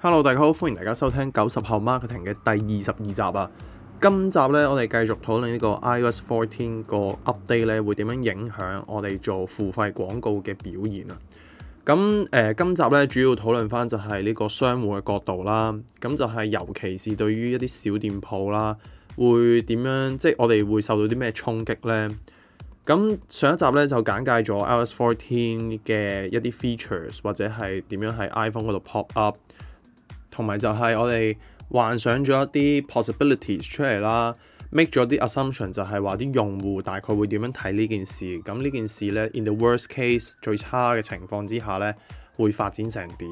Hello，大家好，歡迎大家收聽九十後 marketing 嘅第二十二集啊。今集呢，我哋繼續討論呢個 iOS fourteen 個 update 咧會點樣影響我哋做付費廣告嘅表現啊。咁誒、呃，今集呢，主要討論翻就係呢個商戶嘅角度啦。咁就係尤其是對於一啲小店鋪啦，會點樣即係我哋會受到啲咩衝擊呢？咁上一集呢，就簡介咗 iOS fourteen 嘅一啲 features 或者係點樣喺 iPhone 嗰度 pop up。同埋就係我哋幻想咗一啲 possibilities 出嚟啦，make 咗啲 assumption 就係話啲用戶大概會點樣睇呢件事，咁呢件事呢，in the worst case 最差嘅情況之下呢，會發展成點，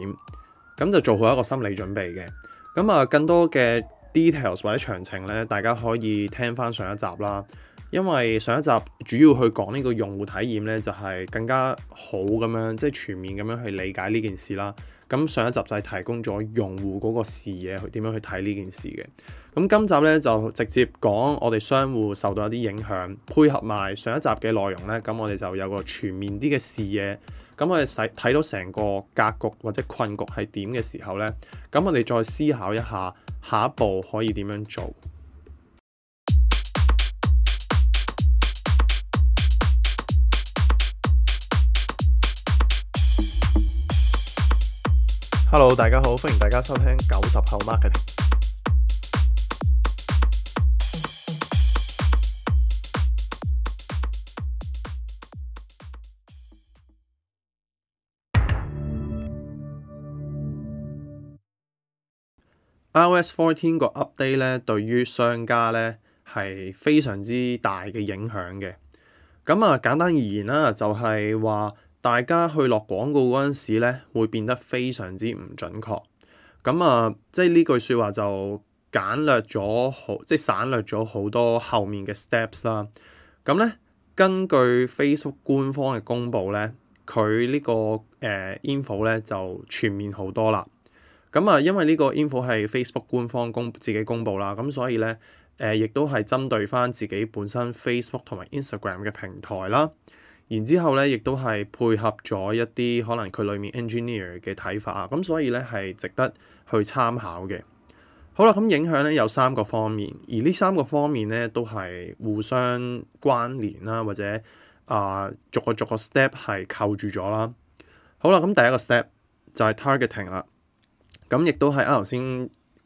咁就做好一個心理準備嘅。咁啊，更多嘅 details 或者詳情呢，大家可以聽翻上一集啦，因為上一集主要去講呢個用戶體驗呢，就係更加好咁樣，即係全面咁樣去理解呢件事啦。咁上一集就係提供咗用戶嗰個視野去點樣去睇呢件事嘅，咁今集呢，就直接講我哋商戶受到一啲影響，配合埋上一集嘅內容呢，咁我哋就有個全面啲嘅視野，咁我哋睇到成個格局或者困局係點嘅時候呢，咁我哋再思考一下下一步可以點樣做。Hello，大家好，歡迎大家收聽九十後 Marketing。iOS fourteen 個 update 咧，對於商家咧係非常之大嘅影響嘅。咁啊，簡單而言啦，就係話。大家去落廣告嗰陣時咧，會變得非常之唔準確。咁啊，即係呢句説話就簡略咗好，即係省略咗好多後面嘅 steps 啦。咁咧，根據 Facebook 官方嘅公佈咧，佢、這個呃、呢個誒 info 咧就全面好多啦。咁啊，因為呢個 info 係 Facebook 官方公自己公佈啦，咁所以咧誒、呃、亦都係針對翻自己本身 Facebook 同埋 Instagram 嘅平台啦。然之後咧，亦都係配合咗一啲可能佢裏面 engineer 嘅睇法啊，咁、嗯、所以咧係值得去參考嘅。好啦，咁、嗯、影響咧有三個方面，而呢三個方面咧都係互相關聯啦，或者啊、呃、逐個逐個 step 係扣住咗啦。好啦，咁、嗯、第一個 step 就係 targeting 啦。咁亦都係啱頭先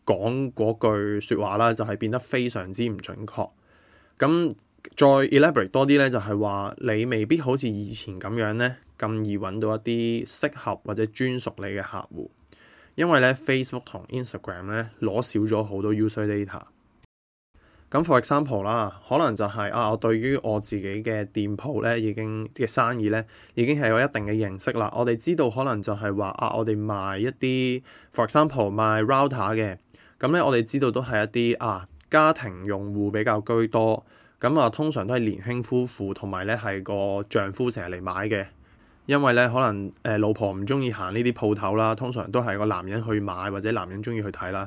講嗰句説話啦，就係、是、變得非常之唔準確。咁、嗯再 elaborate 多啲咧，就係話你未必好似以前咁樣咧，咁易揾到一啲適合或者專屬你嘅客戶，因為咧 Facebook 同 Instagram 咧攞少咗好多 user data。咁 for example 啦，可能就係啊，我對於我自己嘅店鋪咧，已經嘅生意咧，已經係有一定嘅認識啦。我哋知道可能就係話啊，我哋賣一啲 for example 賣 router 嘅咁咧，我哋知道都係一啲啊家庭用戶比較居多。咁啊，通常都係年輕夫婦同埋咧，係個丈夫成日嚟買嘅，因為咧可能誒老婆唔中意行呢啲鋪頭啦，通常都係個男人去買或者男人中意去睇啦。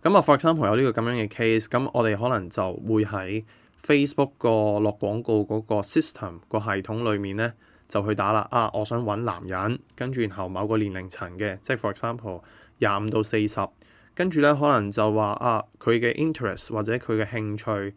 咁、嗯、啊，for example 有呢個咁樣嘅 case，咁、嗯、我哋可能就會喺 Facebook 個落廣告嗰個 system 個系統裡面咧就去打啦。啊，我想搵男人，跟住然後某個年齡層嘅，即係 for example 廿五到四十，跟住咧可能就話啊，佢嘅 interest 或者佢嘅興趣。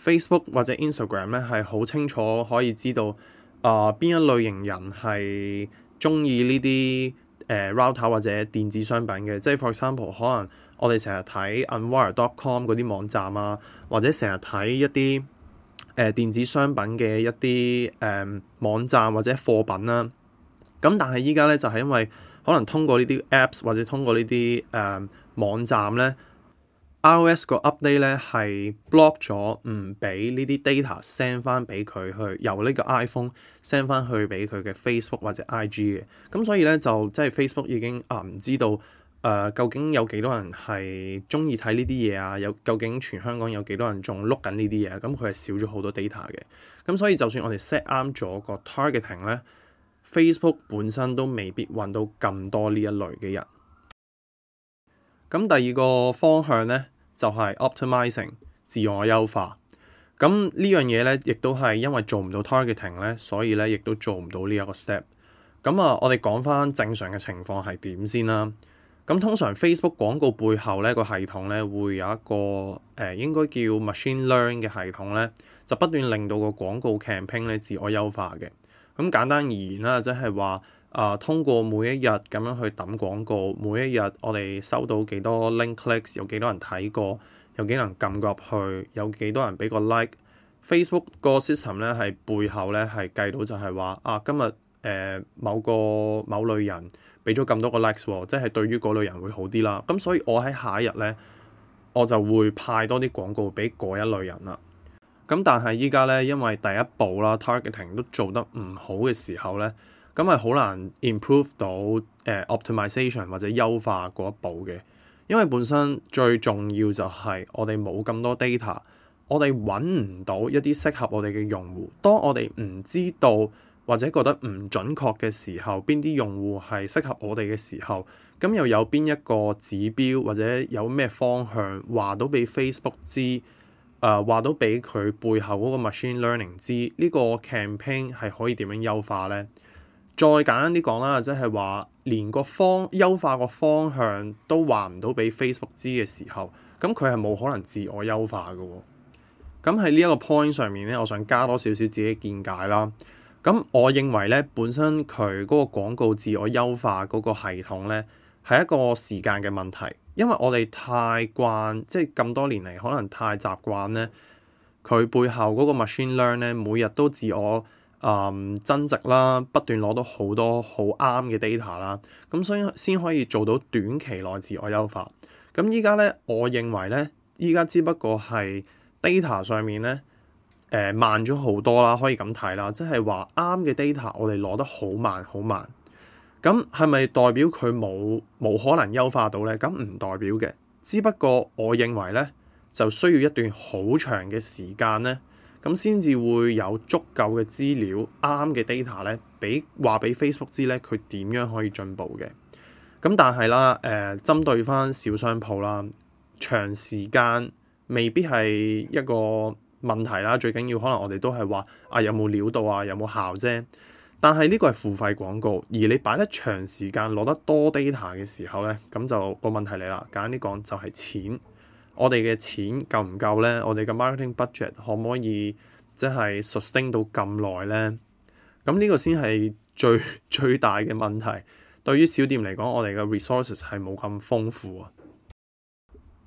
Facebook 或者 Instagram 咧係好清楚可以知道啊邊、呃、一類型人係鍾意呢啲誒、呃、router 或者電子商品嘅，即係 for example 可能我哋成日睇 unwire.com 嗰啲網站啊，或者成日睇一啲誒、呃、電子商品嘅一啲誒、呃、網站或者貨品啦、啊。咁但係依家咧就係、係、因為可能通過呢啲 apps 或者通過呢啲誒網站咧。iOS 個 update 咧係 block 咗，唔俾呢啲 data send 返俾佢去，由呢個 iPhone send 返去俾佢嘅 Facebook 或者 IG 嘅。咁所以咧就即係、就是、Facebook 已經啊唔知道誒、呃、究竟有幾多人係鍾意睇呢啲嘢啊？有究竟全香港有幾多人仲碌緊呢啲嘢？咁佢係少咗好多 data 嘅。咁所以就算我哋 set 啱咗個 targeting 咧，Facebook 本身都未必搵到咁多呢一類嘅人。咁第二個方向咧，就係、是、optimizing 自我優化。咁呢樣嘢咧，亦都係因為做唔到 targeting 咧，所以咧，亦都做唔到呢一個 step。咁啊，我哋講翻正常嘅情況係點先啦。咁通常 Facebook 廣告背後咧、那個系統咧，會有一個誒、呃、應該叫 machine learn 嘅系統咧，就不斷令到個廣告 campaign 咧自我優化嘅。咁簡單而言啦，即係話。啊！通過每一日咁樣去揼廣告，每一日我哋收到幾多 link clicks，有幾多人睇過，有幾多人撳入去，有幾多人俾個 like。 Facebook 個 system 咧係背後咧係計到就係話啊，今日誒、呃、某個某類人俾咗咁多個 likes，哦，即係對於嗰類人會好啲啦。咁所以我喺下一日咧，我就會派多啲廣告俾嗰一類人啦。咁但係依家咧，因為第一步啦 targeting 都做得唔好嘅時候咧。咁係好難 improve 到誒、uh, optimization 或者優化嗰一步嘅，因為本身最重要就係我哋冇咁多 data，我哋揾唔到一啲適合我哋嘅用戶。當我哋唔知道或者覺得唔準確嘅時候，邊啲用戶係適合我哋嘅時候，咁又有邊一個指標或者有咩方向話到俾 Facebook 知、呃，誒話到俾佢背後嗰個 machine learning 知呢個 campaign 係可以點樣優化咧？再簡單啲講啦，即係話連個方優化個方向都話唔到俾 Facebook 知嘅時候，咁佢係冇可能自我優化嘅喎、哦。咁喺呢一個 point 上面咧，我想加多少少自己嘅見解啦。咁我認為咧，本身佢嗰個廣告自我優化嗰個系統咧，係一個時間嘅問題，因為我哋太慣，即係咁多年嚟可能太習慣咧，佢背後嗰個 machine learn 咧，每日都自我。誒、um, 增值啦，不斷攞到好多好啱嘅 data 啦，咁所以先可以做到短期內自我優化。咁依家咧，我認為咧，依家只不過係 data 上面咧，誒、呃、慢咗好多啦，可以咁睇啦，即係話啱嘅 data 我哋攞得好慢好慢。咁係咪代表佢冇冇可能優化到咧？咁唔代表嘅，只不過我認為咧，就需要一段好長嘅時間咧。咁先至會有足夠嘅資料啱嘅 data 咧，俾話俾 Facebook 知咧，佢點樣可以進步嘅。咁但係啦，誒、呃，針對翻小商鋪啦，長時間未必係一個問題啦。最緊要可能我哋都係話啊，有冇料到啊，有冇效啫？但係呢個係付費廣告，而你擺得長時間攞得多 data 嘅時候咧，咁就個問題嚟啦。簡單啲講，就係錢。我哋嘅錢夠唔夠呢？我哋嘅 marketing budget 可唔可以即係 sustain 到咁耐呢？咁呢個先係最最大嘅問題。對於小店嚟講，我哋嘅 resources 係冇咁豐富啊。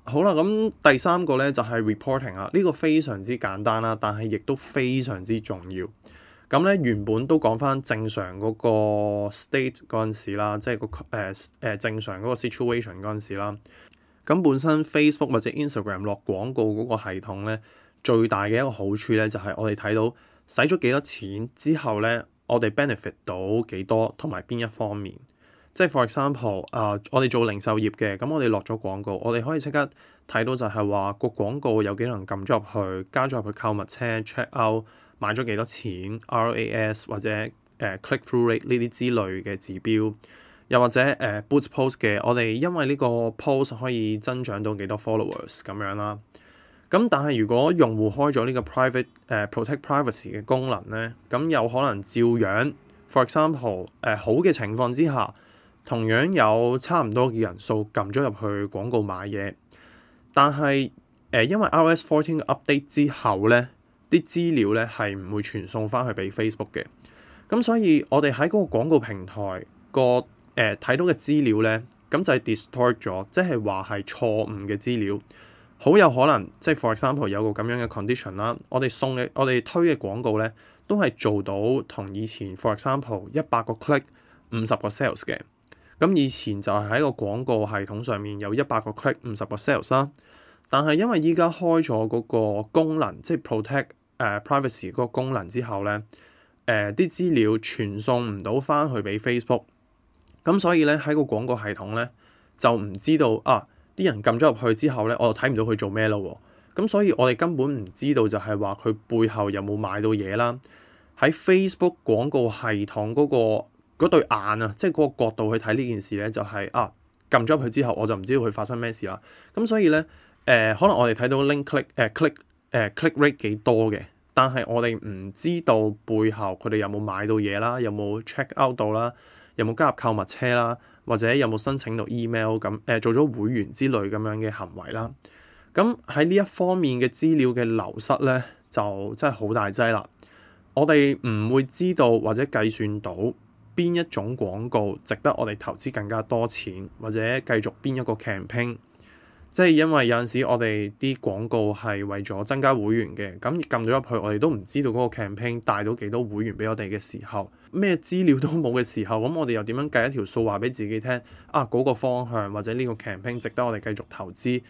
好啦，咁第三個呢就係 reporting 啊。呢個非常之簡單啦，但係亦都非常之重要。咁呢原本都講翻正常嗰個 state 嗰陣時啦，即係個誒誒正常嗰個 situation 嗰陣時啦。咁本身 Facebook 或者 Instagram 落廣告嗰個系統咧，最大嘅一個好處咧，就係我哋睇到使咗幾多錢之後咧，我哋 benefit 到幾多同埋邊一方面。即係例如，for example 啊，我哋做零售業嘅，咁我哋落咗廣告，我哋可以即刻睇到就係話個廣告有幾多人撳咗入去，加咗入去購物車，check out 買咗幾多錢，ROAS 或者誒 click through rate 呢啲之類嘅指標。又或者誒、uh, boost post 嘅，我哋因為呢個 post 可以增長到幾多 followers 咁樣啦、啊。咁但係如果用戶開咗呢個 private 誒、uh, protect privacy 嘅功能咧，咁有可能照樣。For example，誒、uh, 好嘅情況之下，同樣有差唔多嘅人數撳咗入去廣告買嘢。但係誒，uh, 因為 iOS fourteen update 之後咧，啲資料咧係唔會傳送返去俾 Facebook 嘅。咁所以我哋喺嗰個廣告平台、個。誒睇到嘅資料咧，咁就係 distort 咗，即係話係錯誤嘅資料，好有可能即係 for example 有個咁樣嘅 condition 啦。我哋送嘅我哋推嘅廣告咧，都係做到同以前 for example 一百個 click 五十個 sales 嘅。咁以前就係喺個廣告系統上面有一百個 click 五十個 sales 啦。但係因為依家開咗嗰個功能，即係 protect 誒、uh, privacy 嗰個功能之後咧，誒、呃、啲資料傳送唔到翻去俾 Facebook。咁所以咧喺個廣告系統咧就唔知道啊啲人撳咗入去之後咧，我就睇唔到佢做咩咯、哦。咁所以我哋根本唔知道就係話佢背後有冇買到嘢啦。喺 Facebook 廣告系統嗰、嗰個對眼啊，即係嗰個角度去睇呢件事咧，就係、係、啊撳咗入去之後，我就唔知道佢發生咩事啦。咁所以咧誒、呃，可能我哋睇到 link click 誒、呃、click 誒、呃、click rate 幾多嘅，但係我哋唔知道背後佢哋有冇買到嘢啦，有冇 check out 到啦。有冇加入購物車啦，或者有冇申請到 email 咁、呃，誒做咗會員之類咁樣嘅行為啦。咁喺呢一方面嘅資料嘅流失咧，就真係好大劑啦。我哋唔會知道或者計算到邊一種廣告值得我哋投資更加多錢，或者繼續邊一個 campaign。即係因為有陣時我哋啲廣告係為咗增加會員嘅，咁撳咗入去，我哋都唔知道嗰個 campaign 帶到幾多會員俾我哋嘅時候，咩資料都冇嘅時候，咁我哋又點樣計一條數話俾自己聽？啊，嗰個方向或者呢個 campaign 值得我哋繼續投資，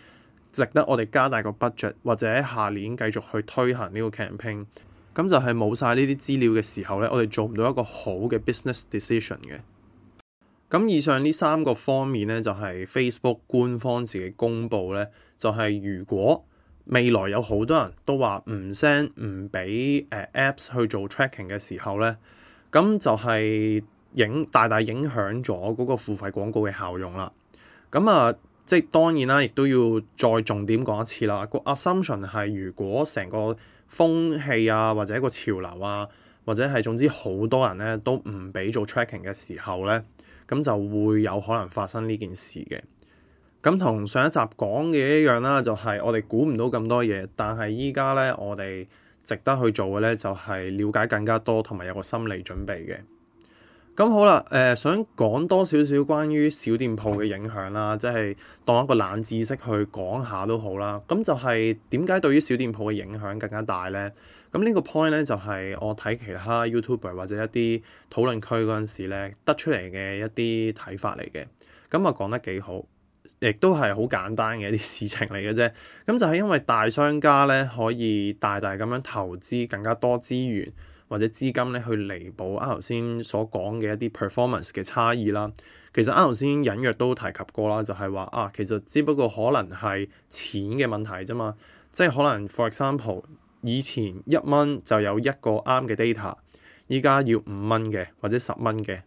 值得我哋加大個 budget，或者下年繼續去推行呢個 campaign？咁就係冇晒呢啲資料嘅時候咧，我哋做唔到一個好嘅 business decision 嘅。咁以上呢三個方面咧，就係 Facebook 官方自己公布咧，就係如果未來有好多人都話唔 send 唔俾誒 Apps 去做 tracking 嘅時候咧，咁就係影大大影響咗嗰個付費廣告嘅效用啦。咁啊，即係當然啦，亦都要再重點講一次啦。個 assumption 係如果成個風氣啊，或者一個潮流啊，或者係總之好多人咧都唔俾做 tracking 嘅時候咧。咁就會有可能發生呢件事嘅。咁同上一集講嘅一樣啦，就係、是、我哋估唔到咁多嘢，但係依家咧我哋值得去做嘅咧，就係了解更加多同埋有個心理準備嘅。咁好啦，誒、呃、想講多少少關於小店鋪嘅影響啦，即係當一個冷知識去講下都好啦。咁就係點解對於小店鋪嘅影響更加大咧？咁呢個 point 咧，就係我睇其他 YouTuber 或者一啲討論區嗰陣時咧，得出嚟嘅一啲睇法嚟嘅。咁啊，講得幾好，亦都係好簡單嘅一啲事情嚟嘅啫。咁就係因為大商家咧，可以大大咁樣投資更加多資源或者資金咧，去彌補啱頭先所講嘅一啲 performance 嘅差異啦。其實啱頭先隱約都提及過啦，就係話啊，其實只不過可能係錢嘅問題啫嘛，即係可能 for example。以前一蚊就有一個啱嘅 data，依家要五蚊嘅或者十蚊嘅，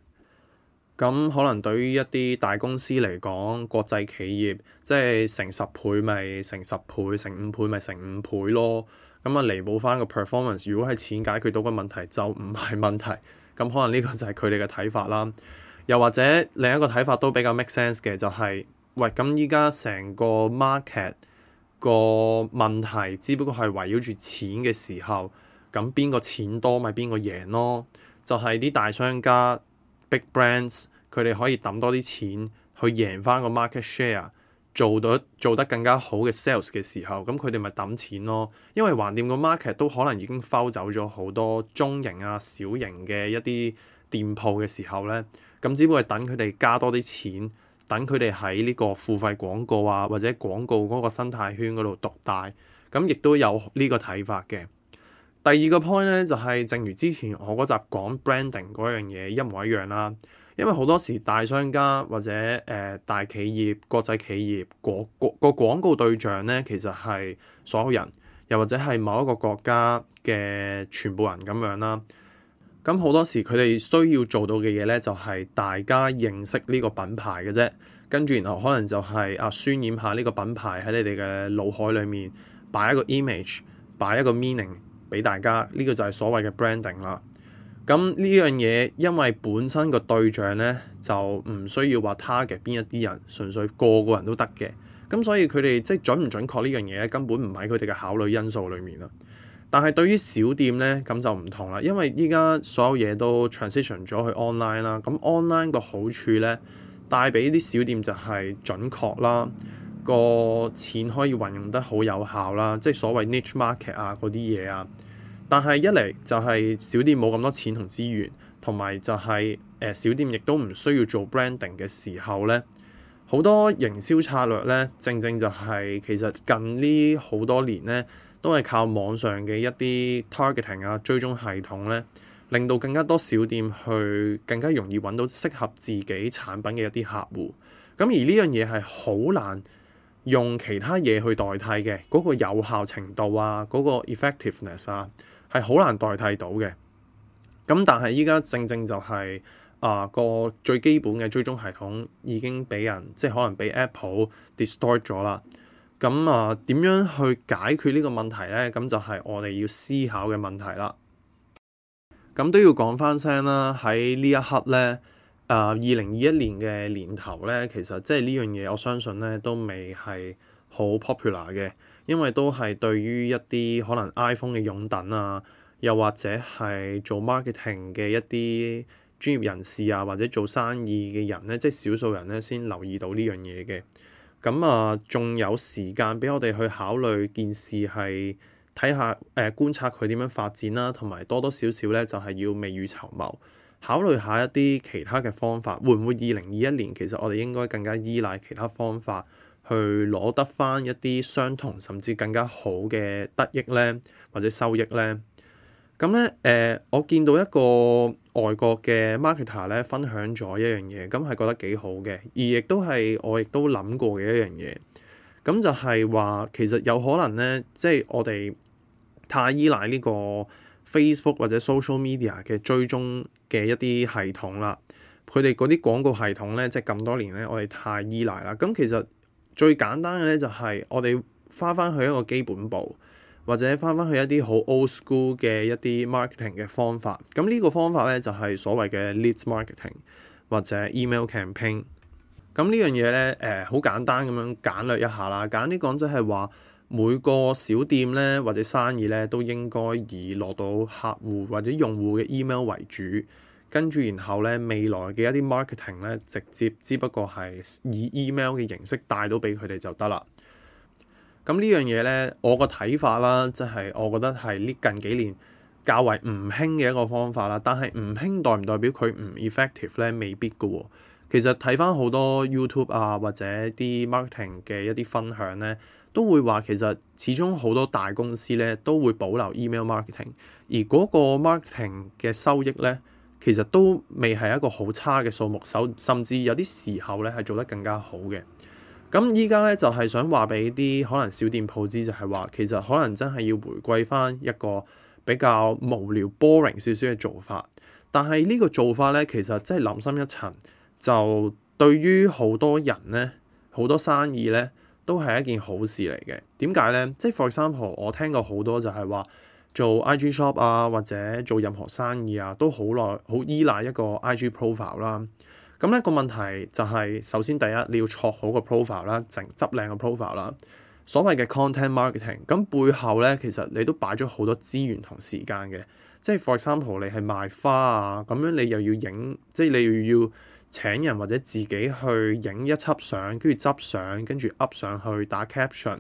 咁可能對於一啲大公司嚟講，國際企業即係成十倍咪成十倍，成五倍咪成五倍咯。咁啊彌補翻個 performance，如果係錢解決到個問題就唔係問題。咁可能呢個就係佢哋嘅睇法啦。又或者另一個睇法都比較 make sense 嘅就係、是，喂咁依家成個 market。個問題只不過係圍繞住錢嘅時候，咁邊個錢多咪邊個贏咯？就係啲大商家 big brands，佢哋可以抌多啲錢去贏翻個 market share，做到做得更加好嘅 sales 嘅時候，咁佢哋咪抌錢咯。因為橫掂個 market 都可能已經拋走咗好多中型啊、小型嘅一啲店鋪嘅時候咧，咁只不過係等佢哋加多啲錢。等佢哋喺呢個付費廣告啊，或者廣告嗰個生態圈嗰度獨大，咁亦都有呢個睇法嘅。第二個 point 咧就係、是，正如之前我嗰集講 branding 嗰樣嘢一模一樣啦，因為好多時大商家或者誒、呃、大企業、國際企業個個廣告對象咧，其實係所有人，又或者係某一個國家嘅全部人咁樣啦。咁好多時佢哋需要做到嘅嘢咧，就係、是、大家認識呢個品牌嘅啫。跟住然後可能就係、是、啊渲染下呢個品牌喺你哋嘅腦海裡面擺一個 image，擺一個 meaning 俾大家。呢、這個就係所謂嘅 branding 啦。咁、嗯、呢樣嘢因為本身個對象咧就唔需要話他嘅邊一啲人，純粹個個人都得嘅。咁、嗯、所以佢哋即係準唔準確呢樣嘢咧，根本唔喺佢哋嘅考慮因素裡面啦。但係對於小店咧，咁就唔同啦，因為依家所有嘢都 transition 咗去 online 啦。咁 online 個好處咧，帶俾啲小店就係準確啦，個錢可以運用得好有效啦，即係所謂 niche market 啊嗰啲嘢啊。但係一嚟就係小店冇咁多錢同資源，同埋就係、是、誒、呃、小店亦都唔需要做 branding 嘅時候咧，好多營銷策略咧，正正就係其實近呢好多年咧。都係靠網上嘅一啲 targeting 啊、追蹤系統咧，令到更加多小店去更加容易揾到適合自己產品嘅一啲客戶。咁而呢樣嘢係好難用其他嘢去代替嘅，嗰、那個有效程度啊，嗰、那個 effectiveness 啊，係好難代替到嘅。咁但係依家正正就係、是、啊個最基本嘅追蹤系統已經俾人即係可能俾 Apple destroy 咗啦。咁啊，點樣去解決呢個問題呢？咁就係我哋要思考嘅問題啦。咁都要講翻聲啦。喺呢一刻呢，啊、呃，二零二一年嘅年頭呢，其實即係呢樣嘢，我相信呢都未係好 popular 嘅，因為都係對於一啲可能 iPhone 嘅擁躉啊，又或者係做 marketing 嘅一啲專業人士啊，或者做生意嘅人呢，即係少數人呢先留意到呢樣嘢嘅。咁啊，仲、嗯、有時間俾我哋去考慮件事，係睇下誒觀察佢點樣發展啦、啊，同埋多多少少咧就係、是、要未雨綢繆，考慮一下一啲其他嘅方法，會唔會二零二一年其實我哋應該更加依賴其他方法去攞得翻一啲相同甚至更加好嘅得益咧，或者收益咧？咁咧，誒、呃，我見到一個外國嘅 marketer 咧，分享咗一樣嘢，咁、嗯、係覺得幾好嘅，而亦都係我亦都諗過嘅一樣嘢。咁、嗯、就係、是、話，其實有可能咧，即、就、係、是、我哋太依賴呢個 Facebook 或者 social media 嘅追蹤嘅一啲系統啦。佢哋嗰啲廣告系統咧，即係咁多年咧，我哋太依賴啦。咁、嗯、其實最簡單嘅咧，就係、是、我哋返返去一個基本步。或者翻翻去一啲好 old school 嘅一啲 marketing 嘅方法，咁呢個方法呢，就係所謂嘅 leads marketing 或者 email campaign。咁呢樣嘢呢，誒、呃、好簡單咁樣簡略一下啦，簡單啲講，即係話每個小店呢，或者生意呢，都應該以攞到客戶或者用戶嘅 email 為主，跟住然後呢，未來嘅一啲 marketing 呢，直接只不過係以 email 嘅形式帶到俾佢哋就得啦。咁呢樣嘢咧，我個睇法啦，即係我覺得係呢近幾年較為唔興嘅一個方法啦。但係唔興代唔代表佢唔 effective 咧？未必㗎喎。其實睇翻好多 YouTube 啊或者啲 marketing 嘅一啲分享咧，都會話其實始終好多大公司咧都會保留 email marketing，而嗰個 marketing 嘅收益咧，其實都未係一個好差嘅數目，收甚至有啲時候咧係做得更加好嘅。咁依家咧就係想話俾啲可能小店鋪知，就係話其實可能真係要回歸翻一個比較無聊、boring 少少嘅做法。但係呢個做法咧，其實真係諗深一層，就對於好多人咧、好多生意咧，都係一件好事嚟嘅。點解咧？即係 for example，我聽過好多就係話做 IG shop 啊，或者做任何生意啊，都好耐、好依賴一個 IG profile 啦。咁咧個問題就係，首先第一你要撮好個 profile 啦，整執靚個 profile 啦。所謂嘅 content marketing，咁背後咧其實你都擺咗好多資源同時間嘅。即係 for example，你係賣花啊，咁樣你又要影，即係你又要請人或者自己去影一輯相，跟住執相，跟住 up 上去打 caption，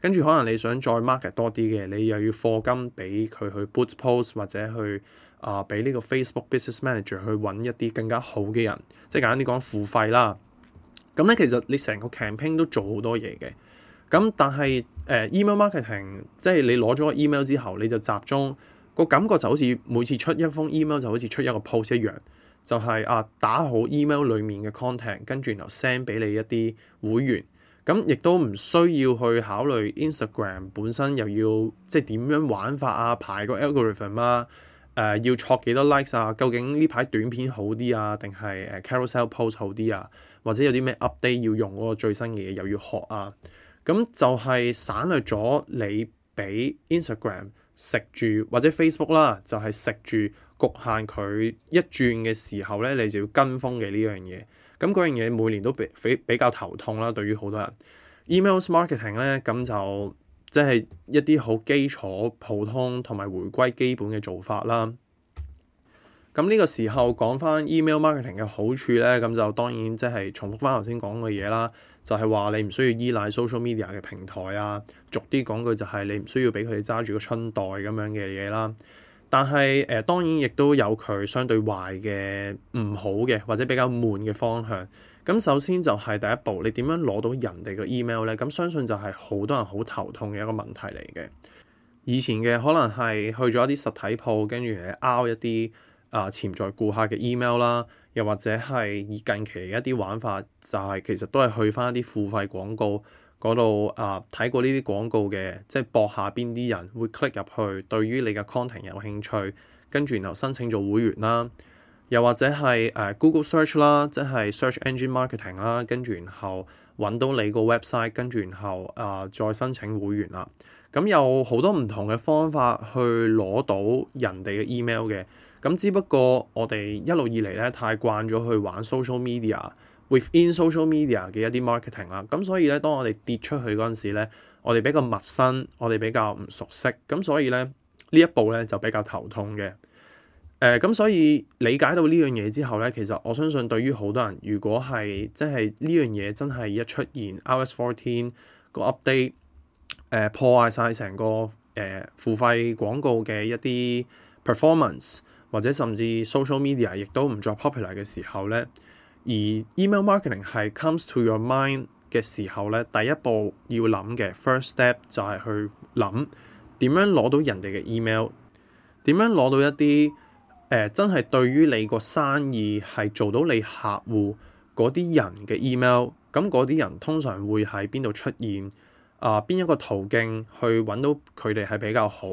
跟住可能你想再 market 多啲嘅，你又要課金俾佢去 boost post 或者去。啊，俾呢個 Facebook Business Manager 去揾一啲更加好嘅人，即係簡單啲講，付費啦。咁咧，其實你成個 campaign 都做好多嘢嘅。咁但係誒、呃、email marketing，即係你攞咗個 email 之後，你就集中、個感覺就好似每次出一封 email 就好似出一個 post 一樣，就係、是、啊打好 email 裡面嘅 content，跟住然後 send 俾你一啲會員。咁亦都唔需要去考慮 Instagram 本身又要即係點樣玩法啊，排個 algorithm 啊。誒、呃、要戳幾多 likes 啊？究竟呢排短片好啲啊，定係誒 carousel post 好啲啊？或者有啲咩 update 要用嗰個最新嘅嘢，又要學啊？咁就係省略咗你俾 Instagram 食住，或者 Facebook 啦，就係食住局限佢一轉嘅時候咧，你就要跟風嘅呢樣嘢。咁嗰樣嘢每年都比比比較頭痛啦，對於好多人 email marketing 咧，咁就。即係一啲好基礎、普通同埋回歸基本嘅做法啦。咁呢個時候講翻 email marketing 嘅好處咧，咁就當然即係重複翻頭先講嘅嘢啦。就係、是、話你唔需要依賴 social media 嘅平台啊。俗啲講句就係你唔需要俾佢哋揸住個春袋咁樣嘅嘢啦。但係誒、呃、當然亦都有佢相對壞嘅、唔好嘅或者比較悶嘅方向。咁首先就係第一步，你點樣攞到人哋嘅 email 呢？咁相信就係好多人好頭痛嘅一個問題嚟嘅。以前嘅可能係去咗一啲實體鋪，跟住嚟 out 一啲啊潛在顧客嘅 email 啦，又或者係以近期一啲玩法，就係其實都係去返一啲付費廣告嗰度啊，睇過呢啲廣告嘅，即係博下邊啲人會 click 入去，對於你嘅 content 有興趣，跟住然後申請做會員啦。又或者係誒 Google Search 啦，即係 Search Engine Marketing 啦，跟住然後揾到你個 website，跟住然後啊再申請會員啦。咁有好多唔同嘅方法去攞到人哋嘅 email 嘅。咁只不過我哋一路以嚟咧太慣咗去玩 social media，within social media 嘅一啲 marketing 啦。咁所以咧，當我哋跌出去嗰陣時咧，我哋比較陌生，我哋比較唔熟悉。咁所以咧呢一步咧就比較頭痛嘅。誒咁、呃、所以理解到呢樣嘢之後咧，其實我相信對於好多人，如果係即係呢樣嘢真係一出現 iOS fourteen 個 update 破壞晒成個誒、呃、付費廣告嘅一啲 performance，或者甚至 social media 亦都唔再 popular 嘅時候咧，而 email marketing 係 comes to your mind 嘅時候咧，第一步要諗嘅 first step 就係去諗點樣攞到人哋嘅 email，點樣攞到一啲。誒真係對於你個生意係做到你客戶嗰啲人嘅 email，咁嗰啲人通常會喺邊度出現？啊、呃，邊一個途徑去揾到佢哋係比較好？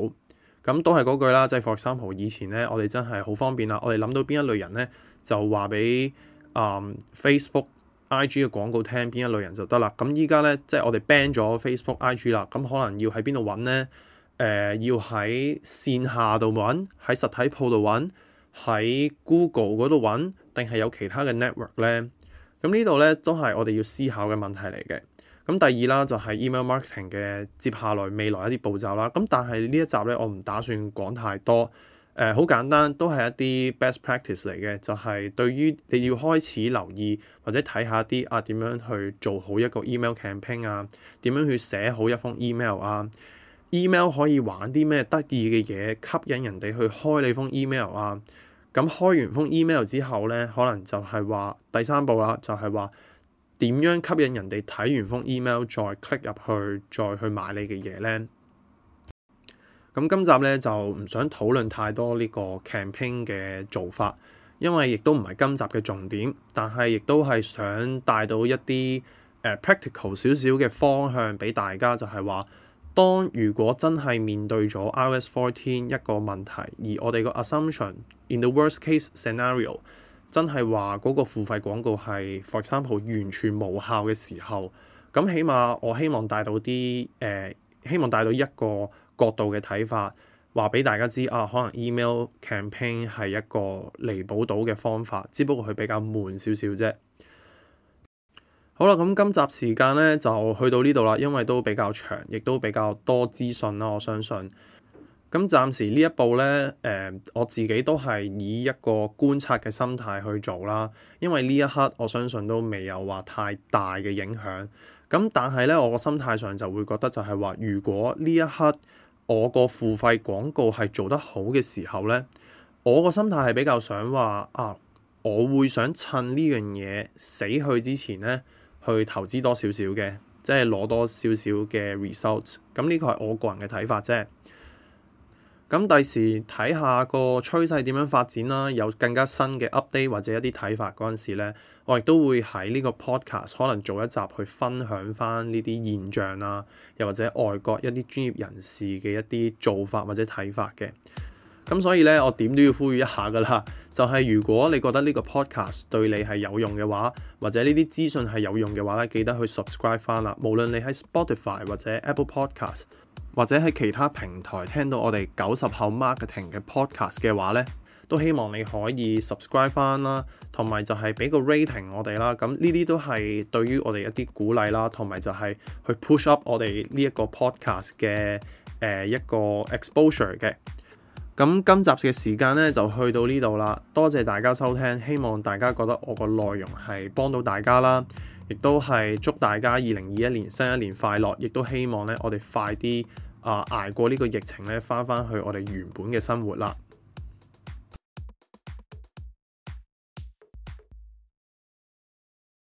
咁都係嗰句啦，即係霍三號以前咧，我哋真係好方便啦。我哋諗到邊一類人咧，就話俾啊 Facebook、IG 嘅廣告聽邊一類人就得啦。咁依家咧，即係我哋 ban 咗 Facebook、IG 啦，咁可能要喺邊度揾咧？誒、呃、要喺線下度揾，喺實體鋪度揾，喺 Google 嗰度揾，定係有其他嘅 network 咧？咁、嗯、呢度咧都係我哋要思考嘅問題嚟嘅。咁、嗯、第二啦，就係、是、email marketing 嘅接下來未來一啲步驟啦。咁、嗯、但係呢一集咧，我唔打算講太多。誒、呃、好簡單，都係一啲 best practice 嚟嘅，就係、是、對於你要開始留意或者睇下啲啊點樣去做好一個 email campaign 啊，點樣去寫好一封 email 啊。email 可以玩啲咩得意嘅嘢吸引人哋去開你封 email 啊？咁開完封 email 之後呢，可能就係話第三步啦，就係話點樣吸引人哋睇完封 email 再 click 入去，再去買你嘅嘢呢？咁今集呢，就唔想討論太多呢個 campaign 嘅做法，因為亦都唔係今集嘅重點，但係亦都係想帶到一啲誒 practical 少少嘅方向俾大家，就係話。當如果真係面對咗 iOS fourteen 一個問題，而我哋個 assumption in the worst case scenario 真係話嗰個付費廣告係 for example，完全無效嘅時候，咁起碼我希望帶到啲誒、呃，希望帶到一個角度嘅睇法，話俾大家知啊，可能 email campaign 係一個彌補到嘅方法，只不過佢比較悶少少啫。好啦，咁今集時間咧就去到呢度啦，因為都比較長，亦都比較多資訊啦。我相信，咁暫時呢一步咧，誒、呃，我自己都係以一個觀察嘅心態去做啦。因為呢一刻，我相信都未有話太大嘅影響。咁但係咧，我個心態上就會覺得就係話，如果呢一刻我個付費廣告係做得好嘅時候咧，我個心態係比較想話啊，我會想趁呢樣嘢死去之前咧。去投資多少少嘅，即係攞多少少嘅 results。咁呢個係我個人嘅睇法啫。咁第時睇下個趨勢點樣發展啦，有更加新嘅 update 或者一啲睇法嗰陣時咧，我亦都會喺呢個 podcast 可能做一集去分享翻呢啲現象啦，又或者外國一啲專業人士嘅一啲做法或者睇法嘅。咁所以咧，我點都要呼籲一下噶啦，就係如果你覺得呢個 podcast 對你係有用嘅話，或者呢啲資訊係有用嘅話咧，記得去 subscribe 翻啦。無論你喺 Spotify 或者 Apple Podcast 或者喺其他平台聽到我哋九十後 marketing 嘅 podcast 嘅話咧，都希望你可以 subscribe 翻啦，同埋就係俾個 rating 我哋啦。咁呢啲都係對於我哋一啲鼓勵啦，同埋就係去 push up 我哋呢一個 podcast 嘅誒一個 exposure 嘅。咁今集嘅時間咧就去到呢度啦，多謝大家收聽，希望大家覺得我個內容係幫到大家啦，亦都係祝大家二零二一年新一年快樂，亦都希望咧我哋快啲啊、呃、捱過呢個疫情咧，翻翻去我哋原本嘅生活啦。